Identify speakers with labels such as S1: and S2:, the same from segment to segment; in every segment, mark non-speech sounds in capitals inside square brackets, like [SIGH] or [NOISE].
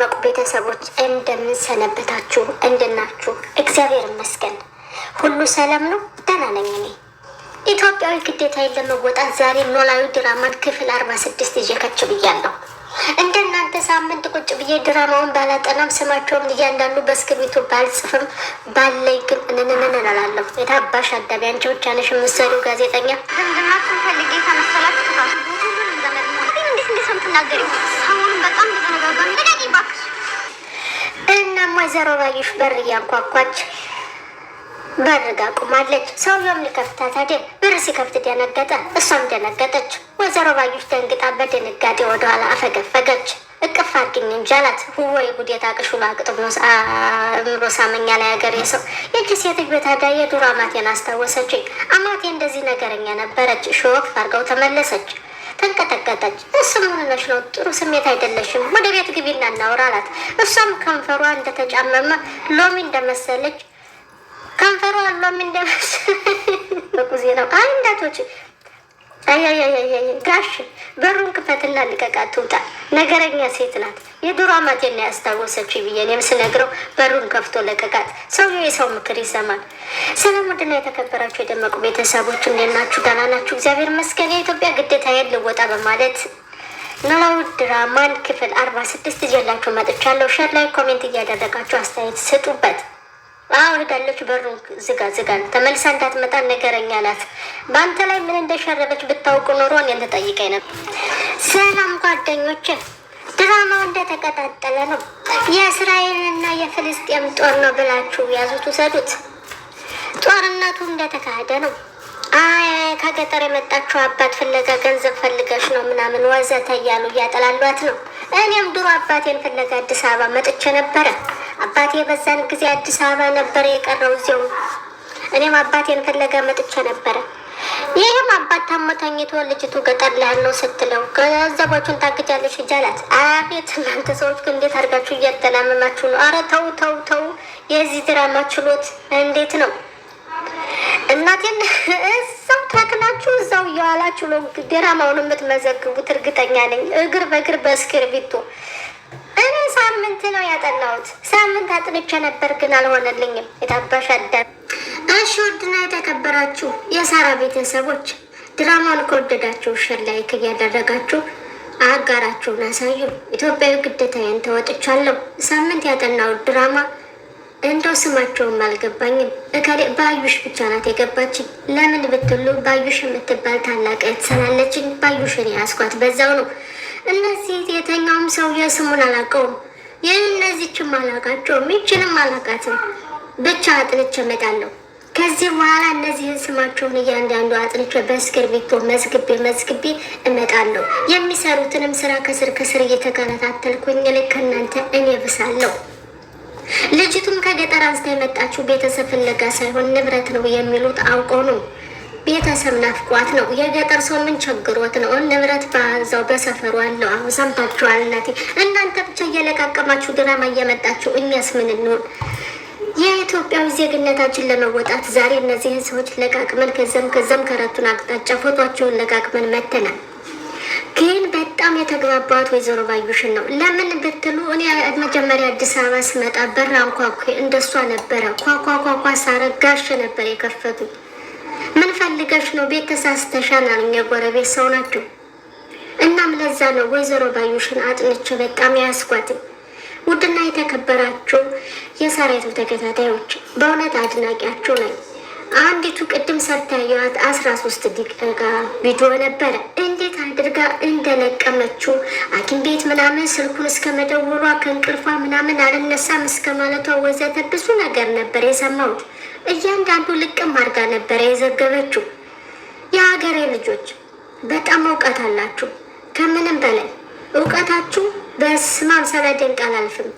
S1: ደመቁ ቤተሰቦች እንደምንሰነበታችሁ እንድናችሁ፣ እግዚአብሔር ይመስገን ሁሉ ሰላም ነው፣ ደህና ነኝ እኔ። ኢትዮጵያዊ ግዴታዬን ለመወጣት ዛሬ ኖላዊ ድራማን ክፍል አርባ ስድስት እየከች ብያለሁ። እንደናንተ ሳምንት ቁጭ ብዬ ድራማውን ባላጠናም ስማቸውም እያንዳንዱ በእስክሪብቶ ባልጽፍም ባለይ ግን እንንንን እላለሁ። የታባሽ አዳቢ አንቺ ብቻ ነሽ የምትሰሪው ጋዜጠኛ በጣም ተነጋጋሚ ተደግ ባክሽ። እናም ወይዘሮ ባዩሽ በር እያንኳኳች በር ጋ ቁማለች። ሰውየውም ሊከፍታ ታዲያ በር ሲከፍት ደነገጠ፣ እሷም ደነገጠች። ወይዘሮ ባዩሽ ደንግጣ በድንጋጤ ወደኋላ አፈገፈገች። እቅፍ አድርግኝ እንጂ አላት። ወይ ጉዴ ታቅሽ ሁሉ አእምሮ ሳመኛ ላይ ሀገር የሰው የእጅ ሴትዮ ታዲያ የዱር አማቴን አስታወሰች። አማቴ እንደዚህ ነገረኛ ነበረች። ሾክ አድርገው ተመለሰች። ተንቀጠቀጠች። እሱ ምን ሆነሽ ነው? ጥሩ ስሜት አይደለሽም፣ ወደ ቤት ግቢና እናውራ አላት። እሷም ከንፈሯ እንደተጫመመ ሎሚ እንደመሰለች ከንፈሯ ሎሚ እንደመሰለች ዜናው አይ እንዳቶች ጋሽ በሩን ክፈትና ልቀቃት ትውጣ። ነገረኛ ሴት ናት። የዱሮ አማቴን ነው ያስታወሰችው ብዬ እኔም ስነግረው በሩን ከፍቶ ለቀቃት። ሰውዬው የሰው ምክር ይሰማል። ሰላም ውድና የተከበራችሁ የደመቁ ቤተሰቦች እንዴት ናችሁ? ደህና ናችሁ? እግዚአብሔር ይመስገን። የኢትዮጵያ ግዴታ የልወጣ በማለት ኖላዊ ድራማን ክፍል አርባ ስድስት ይዤላችሁ መጥቻለሁ። ሸር ላይ ኮሜንት እያደረጋችሁ አስተያየት ስጡበት። አሁን ሄዳለች። በሩን ዝጋ ዝጋ፣ ተመልሳ እንዳትመጣ ነገረኛ ናት። በአንተ ላይ ምን እንደሸረበች ብታውቅ ኖሮ እኔን ትጠይቀኝ ነበር። ሰላም ጓደኞች፣ ድራማው እንደተቀጣጠለ ነው። የእስራኤልና የፍልስጤም ጦር ነው ብላችሁ ያዙት፣ ውሰዱት። ጦርነቱ እንደተካሄደ ነው። አይ ከገጠር የመጣችሁ አባት ፍለጋ ገንዘብ ፈልገች ነው ምናምን ወዘተ እያሉ እያጠላሏት ነው። እኔም ድሮ አባቴን ፍለጋ አዲስ አበባ መጥቼ ነበረ። አባቴ በዛን ጊዜ አዲስ አበባ ነበር የቀረው እዚው። እኔም አባቴን ፍለጋ መጥቼ ነበረ። ይህም አባት ታሞ ተኝቶ ልጅቱ ገጠር ላህል ነው ስትለው ገንዘቦቹን ታግጃለሽ ሂጂ አቤት እናንተ ሰዎች ግን እንዴት አድርጋችሁ እያጠላመማችሁ ነው? አረ ተው ተው ተው። የዚህ ድራማ ችሎት እንዴት ነው? እናቴን እዛው ታክናችሁ እዛው እየዋላችሁ ነው ድራማውን የምትመዘግቡት። እርግጠኛ ነኝ እግር በእግር በእስክርቢቶ ሳምንት ነው ያጠናሁት። ሳምንት አጥንቼ ነበር ግን አልሆነልኝም። የታባሽ እሺ ውድና የተከበራችሁ የሳራ ቤተሰቦች ድራማውን ከወደዳችሁ ሽር ላይክ እያደረጋችሁ አጋራችሁን አሳዩ። ኢትዮጵያዊ ግዴታዬን ተወጥቻለሁ። ሳምንት ያጠናሁት ድራማ እንደው ስማቸውም አልገባኝም። እከሌ ባዩሽ ብቻ ናት የገባችኝ። ለምን ብትሉ ባዩሽ የምትባል ታላቅ የተሰላለችኝ ባዩሽን ያስኳት በዛው ነው። እነዚህ የተኛውም ሰውዬ ስሙን አላውቀውም። ይህን እነዚህችም አላቃቸውም፣ ይችንም አላቃትም። ብቻ አጥንቼ እመጣለሁ። ከዚህ በኋላ እነዚህን ስማቸውን እያንዳንዱ አጥንቼ በእስክርቢቶ መዝግቤ መዝግቤ እመጣለሁ። የሚሰሩትንም ስራ ከስር ከስር እየተከታተልኩኝ ልክ እናንተ እኔ ብሳለሁ። ልጅቱም ከገጠር አንስታ የመጣችው ቤተሰብ ፍለጋ ሳይሆን ንብረት ነው የሚሉት አውቀው ነው። ቤተሰብ ናፍቋት ነው። የገጠር ሰው ምን ቸግሮት ነው? ንብረት በዛው በሰፈሩ አለው። አሁን ሰምታችኋል። እናቴ እናንተ ብቻ እየለቃቀማችሁ ድራማ እየመጣችሁ እኛስ ምን እንሆን? የኢትዮጵያዊ ዜግነታችን ለመወጣት ዛሬ እነዚህን ሰዎች ለቃቅመን ከዘም ከዘም ከረቱን አቅጣጫ ፎቷቸውን ለቃቅመን መተናል። ግን በጣም የተግባባት ወይዘሮ ባዩሽን ነው። ለምን ብትሉ እኔ መጀመሪያ አዲስ አበባ ስመጣ በራ አንኳኩ እንደሷ ነበረ ኳኳኳኳ ሳረጋሽ ነበር የከፈቱት? ፈልገሽ ነው ቤት ተሳስተሻል አሉኝ። የጎረቤት ሰው ናቸው። እናም ለዛ ነው ወይዘሮ ባዩሽን አጥንቼ በጣም ያስኳት። ውድና የተከበራችሁ የሰራዊቱ ተከታታዮች በእውነት አድናቂያችሁ ነኝ። አንዲቱ ቅድም ሰርታ ያየኋት አስራ ሶስት ደቂቃ ቪዲዮ ነበረ። እንዴት አድርጋ እንደለቀመችው ሐኪም ቤት ምናምን ስልኩን እስከ መደወሏ ከእንቅልፏ ምናምን አልነሳም እስከ ማለቷ ወዘተ ብዙ ነገር ነበር የሰማሁት። እያንዳንዱ ልቅም አድርጋ ነበረ የዘገበችው። የሀገሬ ልጆች በጣም እውቀት አላችሁ። ከምንም በላይ እውቀታችሁ በስማም ሳላደንቅ አላልፍም።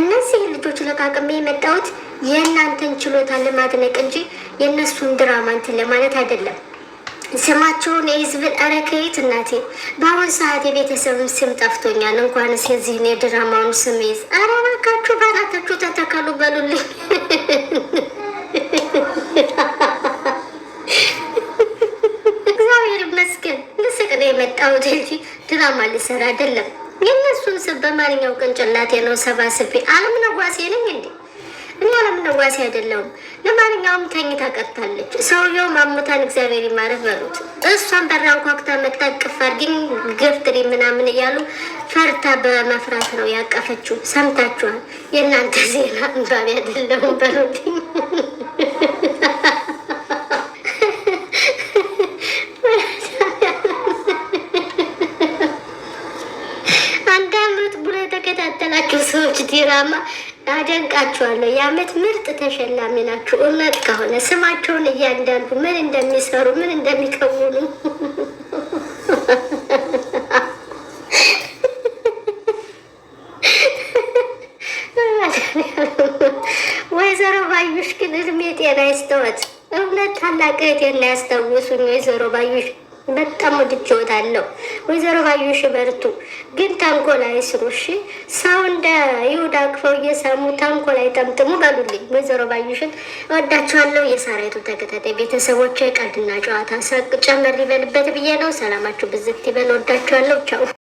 S1: እነዚህ ልጆች ለቃቅሜ የመጣሁት የእናንተን ችሎታ ለማድነቅ እንጂ የእነሱን ድራማ እንትን ለማለት አይደለም። ስማቸውን የህዝብን አረከየት እናቴ፣ በአሁን ሰዓት የቤተሰብም ስም ጠፍቶኛል። እንኳንስ የዚህን የድራማውን ስም ይዝ። አረ እባካችሁ ተተከሉ በሉልኝ። ድራማ ሊሰራ አይደለም። የእነሱን ስብ በማንኛው ቅንጭላቴ ነው ሰባስቤ አለምነዋሴ ነኝ እንዴ? እኔ አለምነዋሴ አይደለሁም። ለማንኛውም ተኝታ ቀርታለች። ሰውየው ማሙታን እግዚአብሔር ይማረህ በሉት። እሷን በራን ኳክታ መጣ ቅፍ አድርጊኝ ግፍትሪ ምናምን እያሉ ፈርታ በመፍራት ነው ያቀፈችው። ሰምታችኋል። የእናንተ ዜና እንባቢ አይደለሁም በሉት። ያላችሁ ሰዎች ዲራማ አደንቃችኋለሁ። የአመት ምርጥ ተሸላሚ ናችሁ። እውነት ከሆነ ስማቸውን እያንዳንዱ ምን እንደሚሰሩ ምን እንደሚከውኑ [LAUGHS] ወይዘሮ ባዩሽ ግን እድሜ ጤና ይስተወት። እውነት ታላቅ እህቴን ያስታውሱኝ ወይዘሮ ባዩሽ በጣም ወድጄዎታለሁ። ወይዘሮ ባዩሽ በርቱ፣ ግን ተንኮል አይስሩ እሺ። ሰው እንደ ይሁዳ አቅፈው እየሳሙ ተንኮል አይጠምጥሙ በሉልኝ። ወይዘሮ ባዩሽን ወዳችኋለሁ። የሳራይቱ ተከታታይ ቤተሰቦች ቀልድና ጨዋታ ሰቅ ጨመር ይበልበት ብዬ ነው። ሰላማችሁ ብዝት ይበል። ወዳችኋለሁ። ቻው